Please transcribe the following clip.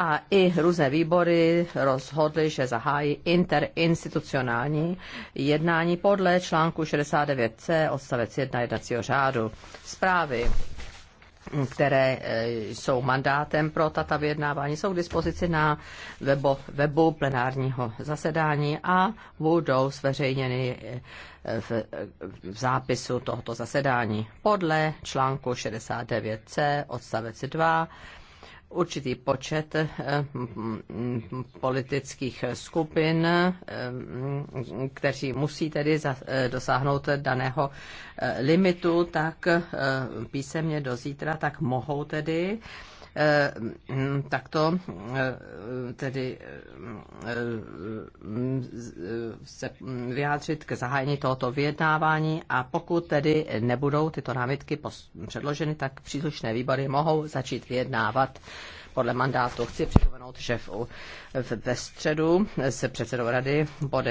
a i různé výbory rozhodly, že zahájí interinstitucionální jednání podle článku 69c odstavec 1 jednacího řádu. Zprávy které eh, jsou mandátem pro tata vyjednávání, jsou k dispozici na webo, webu plenárního zasedání a budou zveřejněny eh, v, v zápisu tohoto zasedání podle článku 69c odstavec 2 určitý počet eh, mm, politických skupin, eh, kteří musí tedy eh, dosáhnout daného limitu, tak písemně do zítra, tak mohou tedy mm, takto tedy Eh, eh, se vyjádřit k zahájení tohoto vyjednávání a pokud tedy nebudou tyto námitky předloženy, tak příslušné výbory mohou začít vyjednávat podle mandátu. Chci připomenout, že v, ve středu se předsedou rady bude